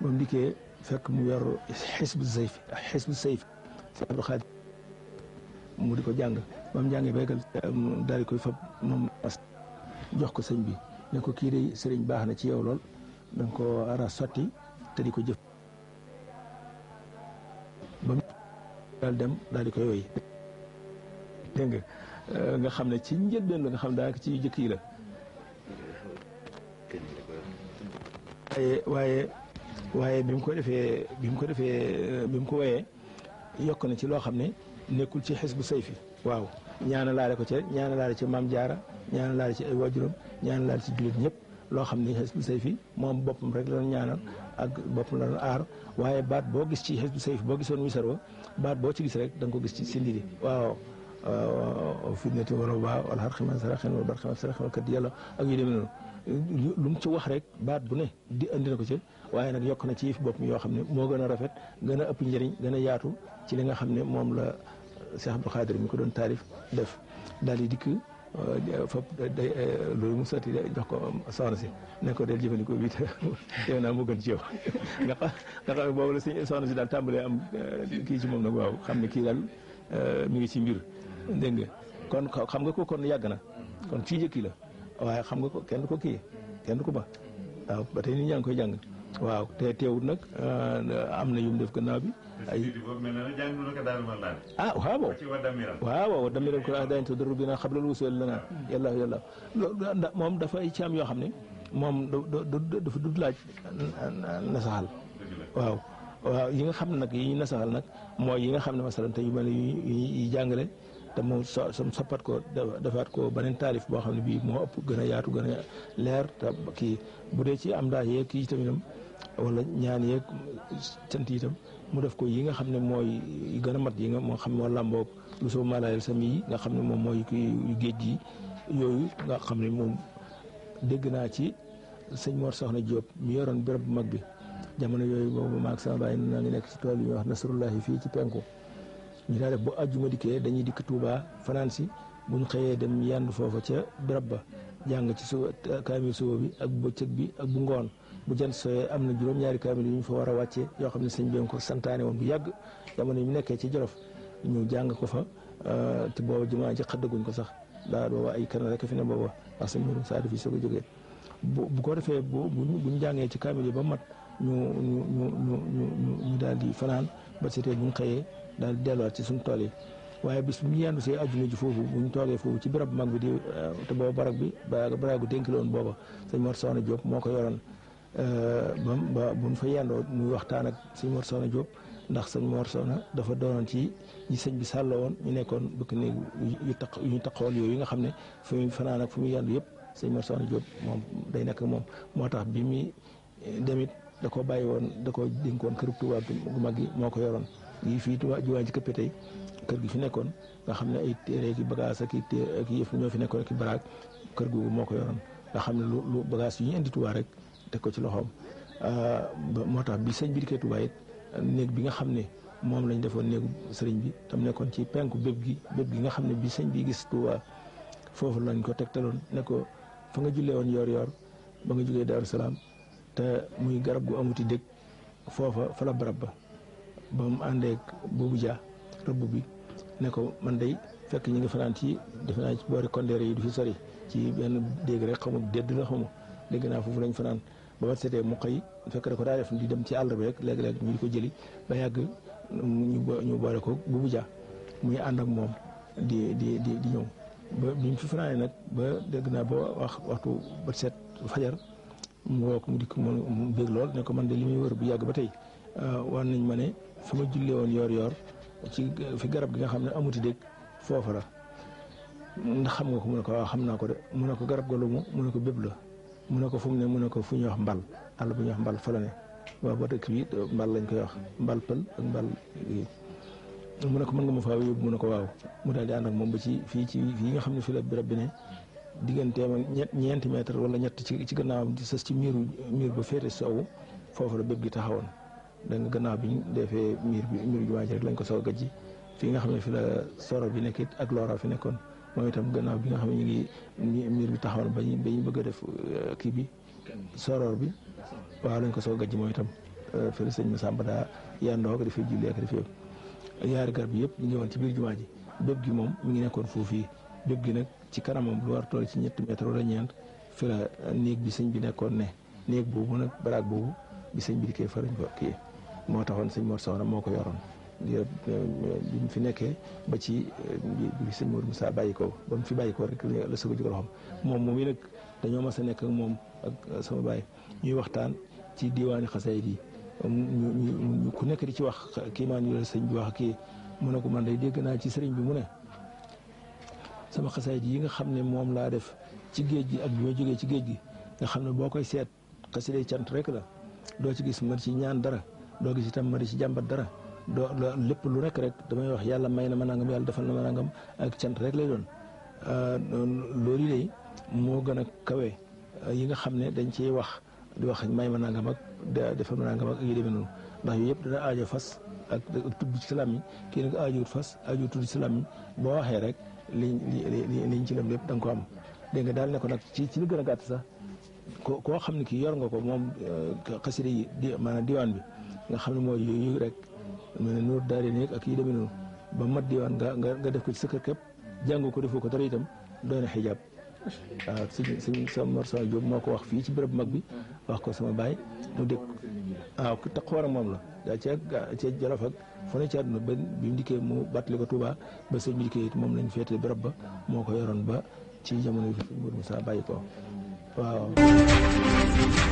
ba mu dikkee fekk mu yor xisbu sayf xisbu sayf si Abdou Xaadir mu di ko jàng ba mu jàngee béykat daal di koy fab moom jox ko sëñ bi ne ko kii de sëriñ baax na ci yow lool da koo ara te di ko jëf ba dem daal di koy woy dégg nga euh, xam ne ci njëddeen la nga xam daanaka ci jëkk la waaye waaye bi mu ko defee bi mu ko defee bi mu ko woyee yokk na ci loo xam ne nekkul ci xes xisbu sayfi waaw laale ko ci ñaanalaale ci maam jaara ñaanalaale ci ay waajuram ñaanalaale ci jullit ñëpp loo xam ne xisbu fi moom boppam rek la ñaanal ak boppam la doon aar waaye baat boo gis ci xisbu sayfi boo gisoon wisar wa baat boo ci gis rek danga ko gis ci sindidi waaw fitnati wala waa wala xar ximan saraxin wala bar ximan saraxin wala kat yàlla ak yu demee noonu lu mu ci wax rek baat bu ne di andi na ko ci waaye nag yokk na ci yëf bopp mi yoo xam ne moo gën a rafet gën a ëpp njëriñ gën yaatu ci li nga xam ne moom la Cheikh Abdou Khadir mi ko doon taarif def daal di dikk euh, fop day euh, loolu mu sotti jox ko soxna si ne ko jëfandikoo bi te moo gën ci yow nga xam nga xam ne boobu la daal tàmbalee am euh, kii ci moom nag waaw xam ne kii daal mi ngi ci mbir dégg nga kon xam nga ko kon yàgg na kon ci jëkki la waaye xam nga ko kenn ko kii kenn ko ba waaw ba tey nit ñaa ngi koy jàng waaw te teewut nag euh, am na yum def gannaaw bi ay ah waaw waaw waaw damiral ko daañ to bi na xablal wusul lana ah. yàlla moom dafa ci yoo xam ne moom dafa du laaj nasaxal waaw waaw yi nga xam ne nag yi ñu nag mooy yi nga xam ne masalan tey yu mel ne te mu so soppat ko defaat ko beneen taarif boo xam ne bii moo ëpp gën a yaatu gën a leer te kii bu dee ci am daa yeeg kii itam wala ñaan yeeg cant mu def ko yi nga xam ne mooy gën a mat yi nga moo xam moo làmboo lu soo malayel yi nga xam ne moom mooy géej gi yooyu nga xam ne moom dégg naa ci sëñ Mor Soxna Diop mu yoroon béréb bu mag bi jamono yooyu boobu maag sama bàyyi naa ngi nekk ci tool yi ñuy wax nasrullahi fii ci penku ñu daa def bu àjjuma dikkee dañuy dikk Touba fanaan si bu ñu xëyee dem yandu foofa ca birab ba jàng ci suba kaamil suba bi ak bu bëccëg bi ak bu ngoon bu jant sooyee am na juróom-ñaari kaamil yu ñu fa war a wàccee yoo xam ne sëñ bi ko santaane woon bu yàgg jamono ñu nekkee ci Jolof ñu jàng ko fa euh, te booba jumaa ji xaddaguñ ko sax daa booba ay kan rek fi ne booba parce que mbirum saa fi soog a jógee bu bu ko defee bu bu ñu jàngee ci kaamil yi ba mat ñu ñu ñu ñu ñu ñu daal di fanaan ba si tey bu ñu xëyee daal di delluwaat ci suñu tool yi waaye bis bu ñu yendu see ajjuma ji foofu bu ñu toolee foofu ci barab mag bi di eh, te booba barab bi baragu dénki loon booba sëñ Mor Soxna Diop moo ko yoroon bam eh, ba buñ fa yendoo waxtaan ak sëñ Mor Soxna Diop ndax sëñ Mor Soxna dafa doonoon ci ñi sëñ bi sàlloo woon ñu nekkoon bëkk néeg yu taq yu ñu taqool yooyu nga xam ne fu muy fu muy yendu yëpp sëñ Mor Soxna Diop moom day nekk moom moo tax bi muy demit da ko bàyyi woon da ko dénkoon kër Tuubaa gu mag gi moo ko yoroon ngi fii Tuubaa juwaan ci këppe tey kër gi fi nekkoon nga xam ne ay téere ki bagage ak ki yëf ñoo fi nekkoon ki baraag kër googu moo ko yoroon nga xam ne lu lu bagage yu ñu indi Tuubaa rek teg ko ci loxoom moo tax bi sëñ bi dikkee Tuubaa it néeg bi nga xam ne moom lañ defoon néegu sëriñ bi tam nekkoon ci penku bépp gi bépp gi nga xam ne bi sëñ bi gis Tuubaa foofu lañ ko tegtaloon ne ko fa nga jullee woon yor yor ba nga jógee Daaru Salaam te muy garab gu amuti dëkk foofa fa barab ba ba mu àndeek buubu jaa rëbb bi ne ko man day fekk ñu ngi fanaan ci defe naa ci boori kondeer yi du fi sori ci benn dégg rek xamu dédd la xamu dégg naa foofu lañ fanaan ba ba setee mu xëy fekk da ko daa def di dem ci àll bi rek léeg-léeg ñu di ko jëli ba yàgg ñu boole ko buubu jaa muy ànd ak moom di di di ñëw ba bi ñu fi fanaanee nag ba dégg naa ba wax waxtu ba set fajar mu woo ko mu dikk mu bég lool ne ko man de li muy wër bu yàgg ba tey euh, war nañ ma ne fi ma jullee woon yoor yoor ci fi garab gi nga xam ne amuti dégg foofa la ndax xam nga ko mun ne ko waaw ah, xam naa ko de mu ne ko garab ga lu mu ne ko bépp la mu ne ko fu mu ne mu ne ko fu ñuy wax mbal àll bu ñu wax mbal fa ne waaw ba dëkk bi euh, mbal lañ koy wax mbal pël ak mbal euh, mu ne ko mën nga ma faa yóbbu mu ne ko waaw mu daal di ànd ak moom ba ci fii ci fii nga xam ne fi la birab digganteem ak ñeenti mètre wala ñett ci ci gannaawam di sës ci miiru miir ba féete sow foofu la bépp gi taxawoon da nga gannaaw bi ñu defee miir bi miir jumaa ji lañ ko soog a ji fii nga xam ne fi la soro bi nekk ak loora fi nekkoon moom itam gannaaw bi nga xam ne ñu ngi miir bi taxawoon ba ñu ba ñu bëgg a def euh, kii bi soroor bi waaw lañ ko soog a ji moom itam euh, fële sëñ Massamba daa yandoo ak dafay julli ak dafay yëpp yëpp ñu ngi ci biir jumaa ji bépp gi moom mi ngi nekkoon foofu jóg gi nag ci kanamam lu war toll ci ñetti mètre wala ñeent fi la néeg bi sëñ bi nekkoon ne néeg boobu nag baraag boobu bi sëñ bi di koy farañ ko kii moo taxoon sëñ Mor Soxna moo ko yoroon eh, bi fi nekkee ba ci eh, bi sëñ Mor Moussa bàyyi ko fi bàyyi ko rek la sëg a moom moom nag dañoo mas a nekk moom ak eh, sama baay ñuy waxtaan ci diwaani xasayid yi ñu ku nekk di ci wax kii maa ñu sëñ bi wax kii mu ne ko man day dégg naa ci sëriñ bi mu ne sama xasaayid yi nga xam ne moom laa def ci géej gi ak bi ma jógee ci géej gi nga xam ne boo koy seet xasida cant rek la doo ci gis mari ci ñaan dara doo gis itam mari ci jàmbat dara doo lépp lu nekk rek damay wax yàlla may na ma nangam yàlla defal na ma nangam ak cant rek lay doon euh, loolu yi moo gën a kawe euh, yi nga xam ne dañ ciy wax di wax may ma nangam ak defal ma nangam ak yu noonu ndax yooyu yëpp dana aajo fas ak tudd ci salaam yi kii nag aajowut fas aajowut tudd ci salaam yi boo waxee rek li li liñ ci lam lépp da ko am dégg nga daal ne ko nag ci ci lu gën a gàtt sax ko koo xam ne kii yor nga ko moom euh, xasida yi di maanaam diwaan bi nga xam ne mooy yooyu rek mu ne nuur daari nekk ak yi demee noonu ba mat diwaan nga nga def ko ci sa kër képp jàng ko defoo ko dara itam doon na xijaab waaw sëñ sëñ Sam Mor Soxna moo ko wax fii ci béréb mag bi wax ko sama baay mu dégg waaw ku taxawoon a moom la daa cee cee Jolof ak fu ne ci àdduna bi mu dikkee mu bàttali ko Touba ba sëñ bi dikkee it moom lañ féete béréb ba moo ko yoroon ba ci jamono yi fi Mourou bàyyi ko waaw